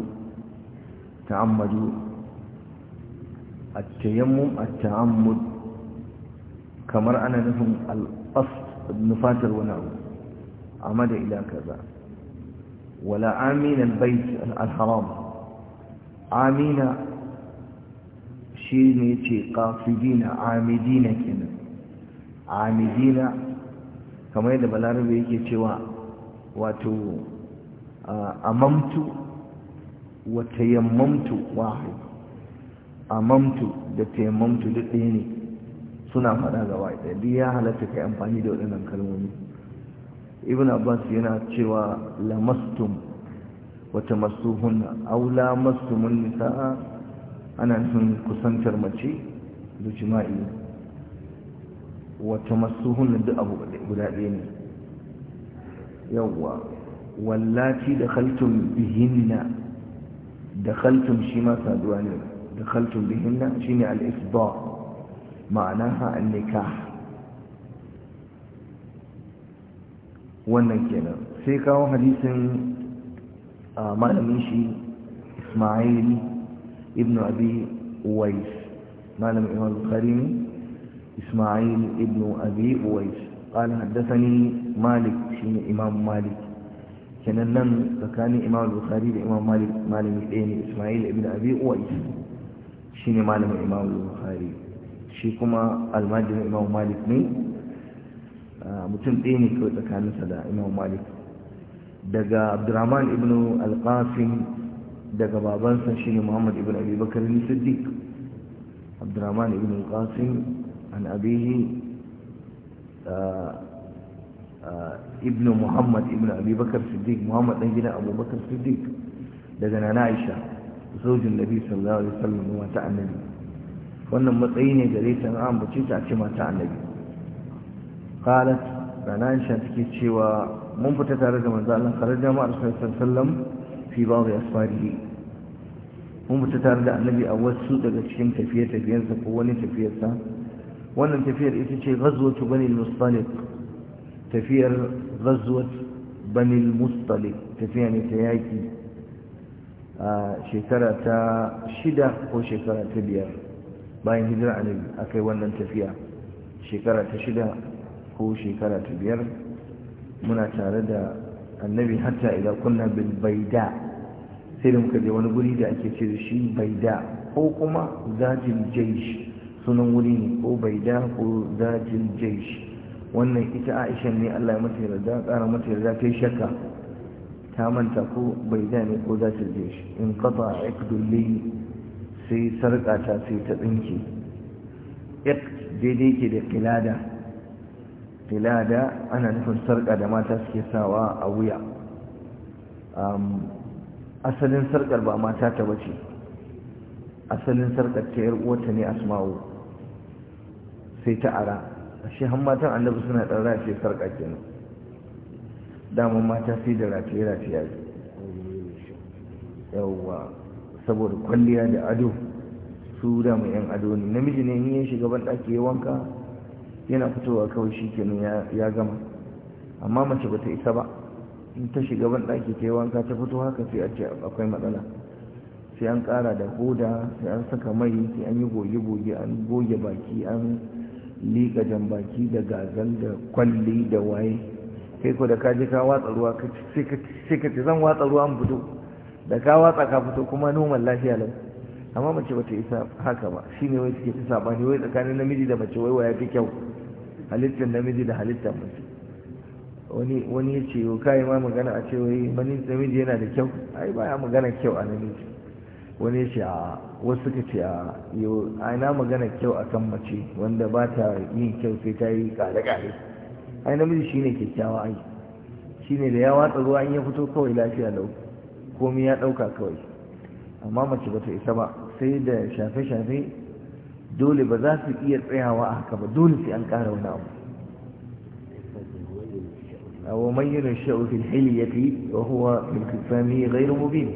ta'ammadu at-tayammum at-ta'ammud kamar ana nufin nufatar wani abu amada ila kaza wala amina bai al-haram amina shi ne ce ƙafidina amidina kenan amidina kamar yadda balarabe yake cewa wato amamtu wa tayammamtu a amamtu da tayammamtu duk ɗaya ne suna faɗa wa ɗaya duk ya halatta kai amfani da waɗannan kalmomi ibn abbas yana cewa lamastum wata tamassuhunna aw lamastum nisaa ana sun kusantar mace da jima'i wata masu hunan duk abu guda ɗaya ne yawwa wallaci da khaltun bihinna da khaltun shi ma saduwa ne da khaltun bihinna shi ne al'isba ma'ana ha'an nika wannan kenan sai kawo hadisin ah, malamin shi ismaili ابن أبي أويس معلم الإمام البخاري إسماعيل ابن أبي أويس قال حدثني مالك شين إمام مالك كان نن فكان إمام البخاري لإمام مالك مالك إبن إسماعيل الدين إسماعيل ابن أبي أويس شين معلم الإمام البخاري شيكما المجد إمام مالك مين mutum ɗaya ne kawai إمام مالك imam عبد الرحمن ابن القاسم daga babansa shine Muhammad ibn Abi Bakr al-Siddiq Abdurrahman ibn al-Qasim an abihi uh, uh, ibn Muhammad ibn Abi Bakr Siddiq Muhammad dan gidan Abu Bakr Siddiq daga nana Aisha zaujin Nabi sallallahu alaihi wasallam mata annabi wannan matsayi ne gare ta an ambace ta ce mata annabi qalat nana Aisha take cewa mun fita tare da manzo Allah sallallahu alaihi wasallam fi ba'd asfarihi mun mutu tare da annabi a wasu daga cikin tafiye-tafiyensa ko wani tafiyarsa wannan tafiyar ita ce ghazwatu bani mustalik tafiyar ghazwat bani mustalik tafiya ne ta yaki a shekara ta shida ko shekara ta biyar bayan hijira annabi akai wannan tafiya shekara ta shida ko shekara ta biyar muna tare da annabi hatta idan kunna bil baida sai da muka je wani guri da ake ce da shi baida ko kuma zajin jaish sunan wuri ne ko baida ko zajin jaish wannan ita aisha ne allah ya mata yarda kara mata yarda ta shakka ta manta ko baida ne ko zajin jaish in kafa ikdulli sai sarƙa ta sai ta tsinke ik daidai ke da kilada kilada ana nufin sarƙa da mata suke sawa a wuya asalin sarkar ba mata ta bace asalin sarkar ta yar uwarta ne asma'u sai ta ara ashe har matan annabi suna dan sarkar ke kenan daman mata sai da rafi rafi ya yawwa saboda kwalliya da ado su da mu yan ado ne namiji ne in ya shiga ban daki ya wanka yana fitowa kawai shi ya gama amma mace bata isa ba in ta shiga ban ɗaki ta yi wanka ta fito haka sai a ce akwai matsala sai an ƙara da hoda sai an saka mai sai an yi goge-goge an goge baki an liƙa jan baki da gazan da kwalli da waye kai ko da kaji ka watsa ruwa sai ka ce zan watsa ruwa an fito da ka watsa ka fito kuma noman lafiya lau amma mace bata isa haka ba shine wai suke ta ne wai tsakanin namiji da mace wai waya fi kyau halittar namiji da halittar mace wani ya ce yau kayi ma magana a ce wai mani namiji yana da kyau ai ba ya magana kyau a namiji wani ya ce a wasu suka ce a yau aina magana kyau a kan mace wanda ba ta yin kyau sai ta yi kare-kare ai namiji ne kyakkyawa ai ne da ya watsa ruwa in ya fito kawai lafiya lau komi ya ɗauka kawai amma mace ba ta isa ba sai da shafe-shafe dole ba za su iya tsayawa a haka ba dole sai an ƙara wani abu ومن ينشأ في الحلية وهو في الكفام غير مبين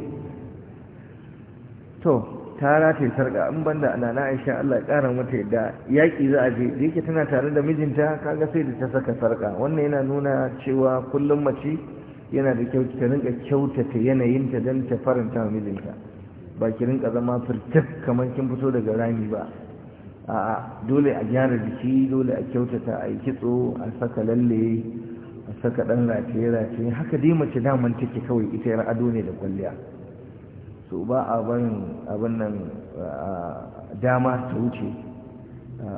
to ta race sarka in banda ana na Aisha Allah ya kara mata yadda yaki za a je da yake tana tare da mijinta kaga sai da ta saka sarka wannan yana nuna cewa kullum mace yana da kyau ta rinka kyautata yanayinta don ta faranta wa mijinta ba ki rinka zama firtif kamar kin fito daga rami ba a'a dole a gyara jiki dole a kyautata a yi kitso a saka lalle saka ɗan race race haka dai mace daman take kawai ita yar ado ne da kwalliya so ba a barin abin nan dama ta wuce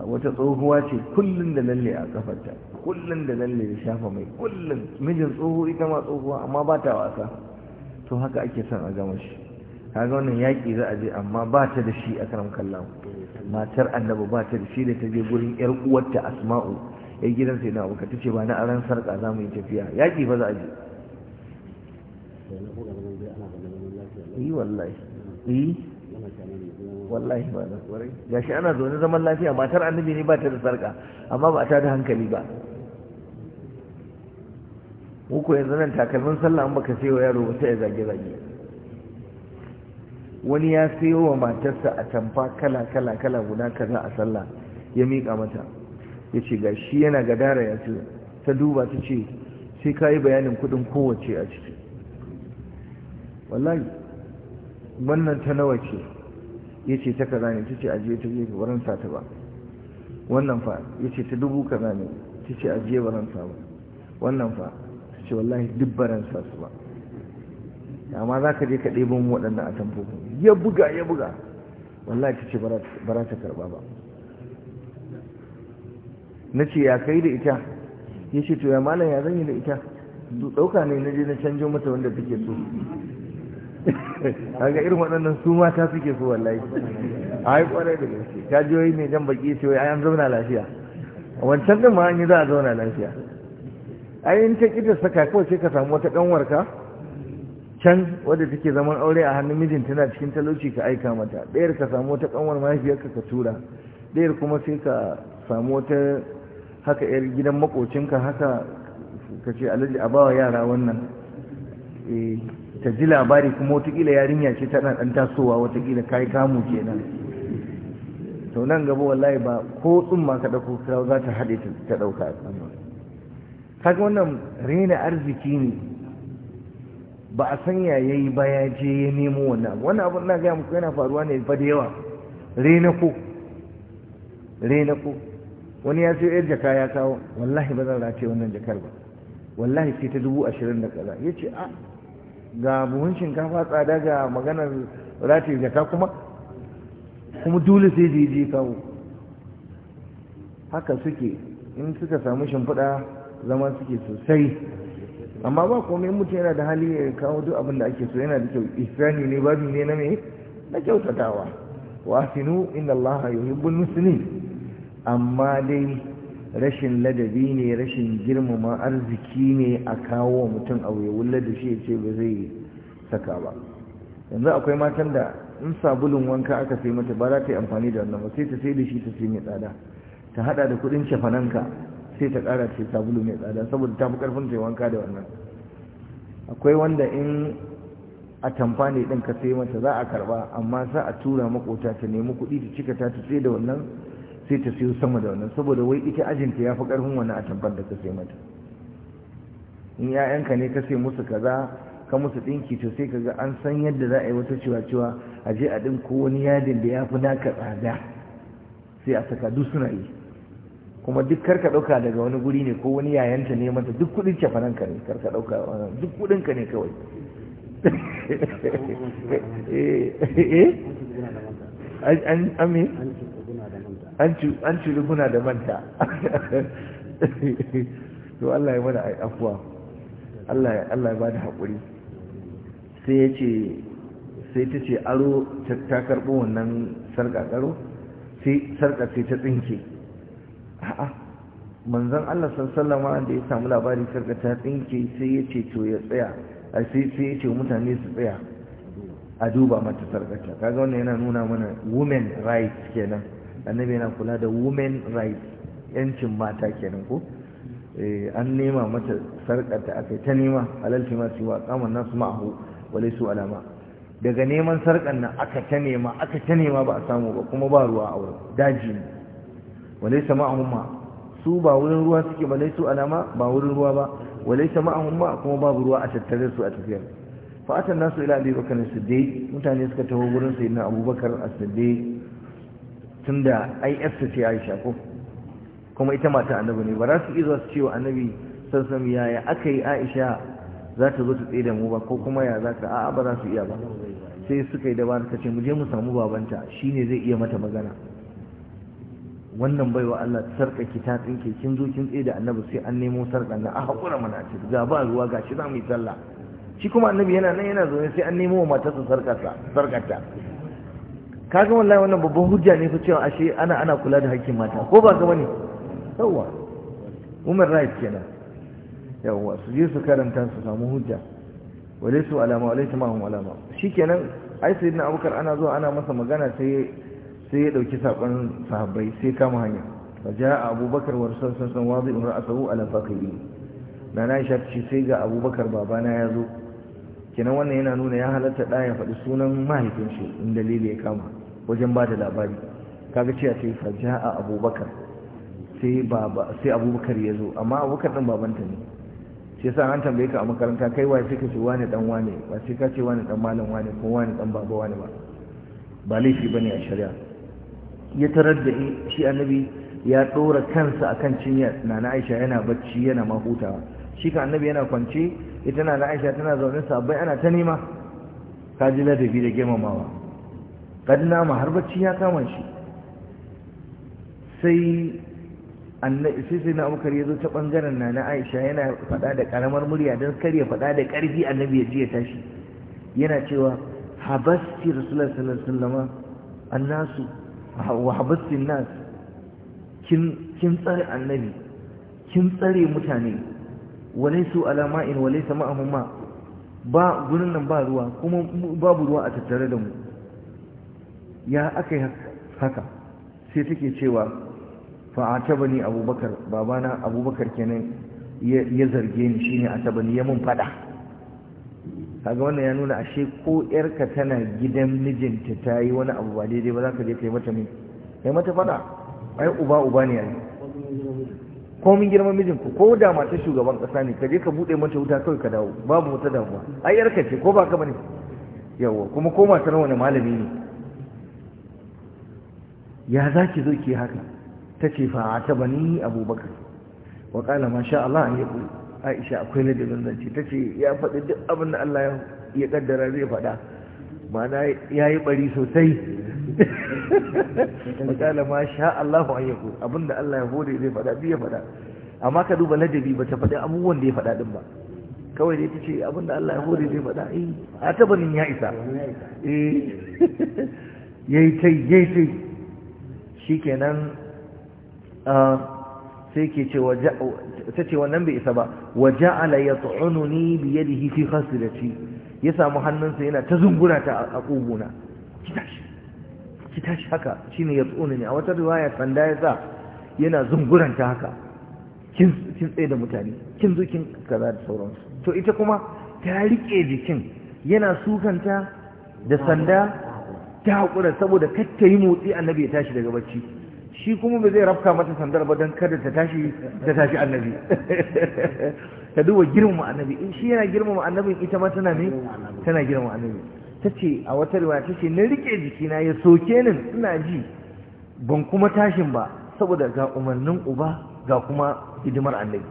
wata tsohuwa ce kullum da lalle a kafarta kullum da lalle da shafa mai kullum mijin tsoho ita ma tsohuwa amma ba ta wasa to haka ake son a gama shi kaga wannan yaƙi za a je amma ba ta da shi a karam kallon matar annabi ba ta da shi da ta je gurin yar uwarta asma'u ya yi gidan sai na abu ta ce ba na aran sarƙa za mu yi tafiya yaƙi ba za a je yi eh, wallahi eh. ana zaune zaman lafiya matar annabi ne ba ta da sarƙa amma ba ta da hankali ba uku yanzu nan takalmin sallah an baka sayo yaro ba ta ya zage-zage wani ya sayo wa matarsa a tamfa kala-kala kala guda kaza a sallah ya miƙa mata ya ce ga shi yana gadara ya ce ta duba ta ce sai ka yi bayanin kudin kowace a ciki wallahi wannan ta nawa ce ya ce ta kaza ne ta ce ajiye ta ce wurin sa ta ba wannan fa ya ce ta dubu kaza ne ta ce ajiye wurin sa ba wannan fa ta ce wallahi duk baran sa su ba amma za ka je ka ɗebin waɗannan a tamfofin ya buga ya buga wallahi ta ce ba za ta karɓa ba na ce ya kai da ita ya ce to ya malam ya zanyi da ita ɗauka ne na je na canjo mata wanda take so ga irin waɗannan su mata suke so wallahi a yi kwarai da gaske ta wai mai jan baki ce wai an zauna lafiya wancan din ma an yi za a zauna lafiya A yi ta kita saka kawai sai ka samu wata kanwarka can wadda take zaman aure a hannun mijin tana cikin talauci ka aika mata ɗayar ka samu wata ƙanwar mahaifiyarka ka tura ɗayar kuma sai ka samu wata haka yar gidan makocinka haka ka ce alaji a bawa yara wannan eh, ta ji labari kuma watakila yarinya ce tana ɗan tasowa watakila yi kamu kenan to nan gaba wallahi ba ko tsumma ka ɗauko kira za ta haɗe ta ɗauka a kaga wannan rena arziki ne ba a san yaya yayi ba ya je ya nemo wannan wannan na gaya muku yana faruwa ne ba da yawa rena ko rena ko wani ya sayo yar jaka ya kawo wallahi ba zan race wannan jakar ba wallahi sai ta dubu ashirin da kaza ya ce a ah, ga buhun shinkafa tsada ga maganar race jaka kuma kuma dole sai je je kawo haka suke in suka samu shimfiɗa zama suke sosai amma ba komai in mutum yana da hali ya kawo duk abin da ake so yana da kyau isani ne babu ne na me na kyautatawa wa asinu inna allaha yuhibbul muslimin amma dai rashin ladabi ne rashin girmama arziki ne a kawo mutum a wuyawulla da shi ya ce ba zai saka ba yanzu akwai matan da in sabulun wanka aka sai mata ba za ta yi amfani da wannan ba sai ta sai da shi ta sai mai tsada ta hada da kudin cefananka sai ta kara ce sabulu mai tsada saboda ta fi karfin ta yi wanka da wannan akwai wanda in a tamfa ne din ka sai mata za a karba amma za a tura makota ta nemi kuɗi ta cika ta ta sai da wannan sai ta siyo sama da wannan saboda wai ita ajinta ya fi ƙarfin wannan a tamfar da ka sai mata in 'ya'yanka ne ka sai musu kaza ka musu ɗinki to sai kaga an san yadda za a yi wata cewa cewa a je a ko wani yadin da ya fi naka tsada sai a saka duk suna yi kuma duk karka ɗauka daga wani guri ne ko wani yayanta ne mata duk kuɗin cefanen ka ne karka ɗauka duk kuɗin ka ne kawai eh, eh, eh? an me an ciri kuna da manta to Allah ya mana afuwa Allah ya ba da haƙuri sai ya ce sai ta ce aro ta karɓo wannan sarƙa ƙaro sai sarƙa sai ta tsinke a'a manzon Allah sallama da ya samu labari sarƙa ta tsinke sai ya ce to ya tsaya sai sai ya ce mutane su tsaya a duba mata sarƙa kaga wannan yana nuna mana women rights kenan annabi yana kula da women rights yancin mata kenan ko eh, an nema mata ta aka ta nema alalci ma su kamun nasu ma'ahu wale su alama daga neman sarƙar nan aka ta nema aka ta nema ba a samu ba kuma ba ruwa a wurin daji ne wale su ma'ahu ma su ba wurin ruwa suke ba su alama ba wurin ruwa ba wale su ma'ahu ma kuma babu ruwa a tattare su a tafiyar fa'atan nasu ila abubakar siddiq mutane suka taho wurin sayyidina abubakar as-siddiq tun da ai ce ce aisha ko kuma ita mata annabi ne ba za su iya su ce wa annabi sassan yaya aka yi aisha za ta zo ta tsaye da mu ba ko kuma ya za ta a'a ba za su iya ba sai suka yi dabara ta ce mu je mu samu babanta ne zai iya mata magana wannan bai wa Allah ki ta tsinke kin zo kin tsaye da annabi sai an nemo sarka na. a haƙura mana ce ga ba ruwa ga shi za mu yi sallah shi kuma annabi yana nan yana zaune sai an nemo wa matarsa sarƙarta kaga wallahi wannan babban hujja ne fa cewa ashe ana ana kula da haƙƙin mata ko ba ga bane yawa women rights kenan yawa su je su karanta su samu hujja walaisu alama ma mahum alama shikenan ai sayyidina abukar ana zuwa ana masa magana sai sai ya dauki sakon sahabbai sai kama hanya faja'a abubakar wa rasul sallallahu alaihi wasallam ra'sahu ala na nana aisha ce sai ga abubakar babana ya zo kenan wannan yana nuna ya halatta da ya faɗi sunan mahaifin shi in dalili ya kama wajen ba da labari kaga cewa sai fa a abubakar sai abubakar ya zo amma abubakar ɗin babanta ne shi yasa an tambaye ka a makaranta kai waye sai ka ce wane dan wane ba sai ka ce wani dan malam wane ko wani dan baba wane ba ba laifi bane a shari'a ya tarar da shi annabi ya dora kansa akan cinya nana Aisha yana bacci yana ma hutawa shi ka annabi yana kwance ita nana Aisha tana zaune sabai ana ta nema ka ji ladabi da girmamawa kad nama har bacci ya kama shi sai sai sai na abubakar ya zo ta bangaren na na aisha yana faɗa da ƙaramar murya don kar ya faɗa da ƙarfi annabi ya ji ya tashi yana cewa habasti rasulullah sallallahu alaihi wasallama annasu wa habasti nas kin kin tsare annabi kin tsare mutane walaysu alama'in walaysa ma'ahum ba gurin nan ba ruwa kuma babu ruwa a tattare da mu ya aka yi haka sai take cewa fa'ataba ni abubakar babana abubakar kenan ya zarge ni shine ataba ni ya mun fada kaga wannan ya nuna ashe ko yarka tana gidan mijinta ta yi wani abu ba daidai ba za ka je ka yi mata ne kai mata fada ai uba uba ne yanzu ko mun girman mijin ku ko da mata shugaban kasa ne ka je ka bude mata wuta kawai ka dawo babu wata damuwa ai yarka ce ko ba ka bane yawa kuma ko mata nawa ne malami ne ya za ki zo ki haka ta ce fa ta bani abubakar wa kala sha Allah an yi aisha akwai jirgin zance ta ce ya faɗi duk abin da Allah ya ƙaddara zai faɗa mana ya yi bari sosai wa kala sha Allah an yi abin da Allah ya hore zai faɗa biya faɗa amma ka duba ladabi ba ta faɗi abubuwan da ya faɗa din ba kawai dai ta ce abin da Allah ya hore zai faɗa eh a ta banin ya isa eh yayi tai yayi tai shikenan sai ke ce ta ce wannan bai isa ba wa ja'ala da hifi yadihi da ci ya samu hannunsa yana ta zungura ta a kuguna ki tashi shi ne haka shine ne a wata riwaya sanda ya sa yana zunguranta haka kin tsaye da mutane kin zo kin kaza da sauransu to ita kuma ta riƙe jikin yana sukanta da sanda ta haƙura saboda ta yi motsi annabi ya tashi daga bacci shi kuma ba zai rafka mata sandar ba don kada ta tashi ta tashi annabi ta duba girmama annabi in shi yana girmama annabi ita ma tana ne tana girmama annabi ta ce a wata riwa ta ce na rike jikina ya soke ni ina ji ban kuma tashin ba saboda ga umarnin uba ga kuma hidimar annabi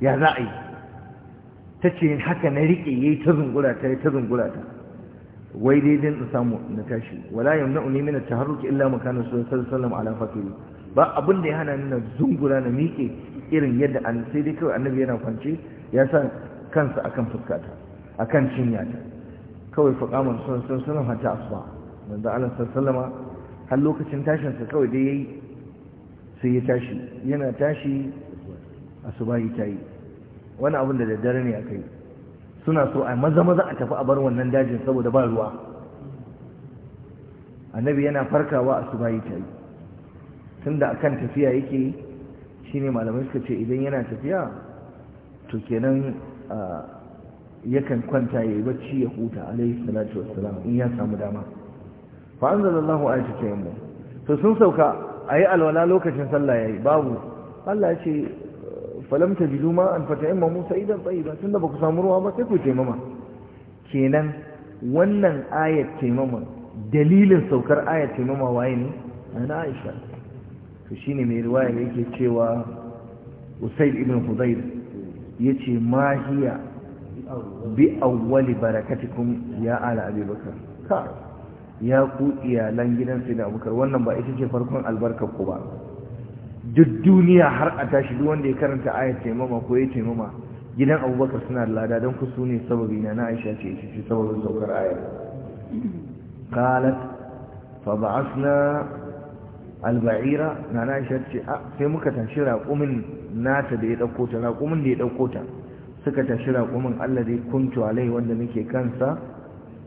ya za a yi ta ce haka na rike ya yi ta zungura ta yi ta zungura ta wai daidai na samu na tashi wala n'a yamna'uni min at-taharruki illa makana sallallahu alaihi ala fatiri ba abin da ya hana ni na zungura na miƙe irin yadda an sai dai kawai annabi yana kwance ya sa kansa akan fuskata akan ta. kawai fa qama sallallahu alaihi wasallam hatta asba manzo Allah sallallahu har lokacin tashin sa kawai dai yayi sai ya tashi yana tashi asuba yi tayi wani abin da daddare ne akai suna so a maza maza a tafi a bar wannan dajin saboda ba ruwa annabi yana farkawa a subayi ta yi tunda akan tafiya yake shine malamai suka ce idan yana tafiya to kenan yakan kwanta ya yi bacci ya huta alaihi salatu wassalam in ya samu dama fa anzalallahu ayatu tayammum to sun sauka ayi alwala lokacin sallah yayi babu Allah ya ce falam ta jidu ma an fata yamma musa idan tsayi ba tunda ba ku samu ruwa ba sai ku taimama kenan wannan ayat taimama dalilin saukar ayat taimama waye ne na aisha to ne mai riwaya yake cewa usaid ibn hudayr yace ma hiya bi awwali barakatikum ya ala abubakar ka ya ku iyalan gidan sai da abubakar wannan ba ita ce farkon albarkar ku ba duk duniya har a tashi duk wanda ya karanta ayar taimama ko ya taimama gidan abubakar suna da lada don kusu ne sababi na aisha ce ce ce sababin saukar ayar. qalat fa ba'athna al alba'ira na na aisha ce sai muka tashi raƙumin nata da ya dauko ta raƙumin da ya dauko ta suka tashi raƙumin Allah da ya kuntu alai wanda nake kansa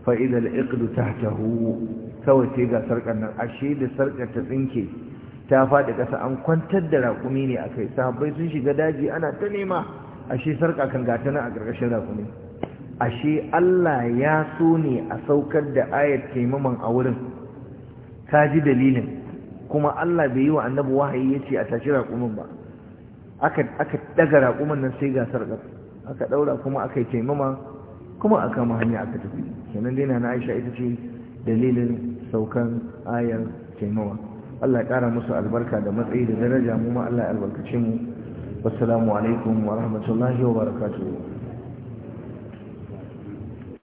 fa idal ta tahtahu kawai sai ga sarƙar nan ashe da sarƙar ta tsinke ta faɗi ƙasa an kwantar da raƙumi ne a kai sahabbai sun shiga daji ana ta nema ashe sarƙa kan gata nan a ƙarƙashin raƙumi ashe Allah ya so ne a saukar da ayat taimaman a wurin ta ji dalilin kuma Allah bai yi wa annabi wahayi ya ce a tashi raƙumin ba aka daga raƙumin nan sai ga sarƙa aka ɗaura kuma aka yi taimama kuma a kama hanya aka tafi kenan dai na aisha ita ce dalilin saukan ayar taimama Allah ya ƙara musu albarka da matsayi da daraja mu ma Allah ya albarkace mu wassalamu alaikum wa rahmatullahi wa barakatuh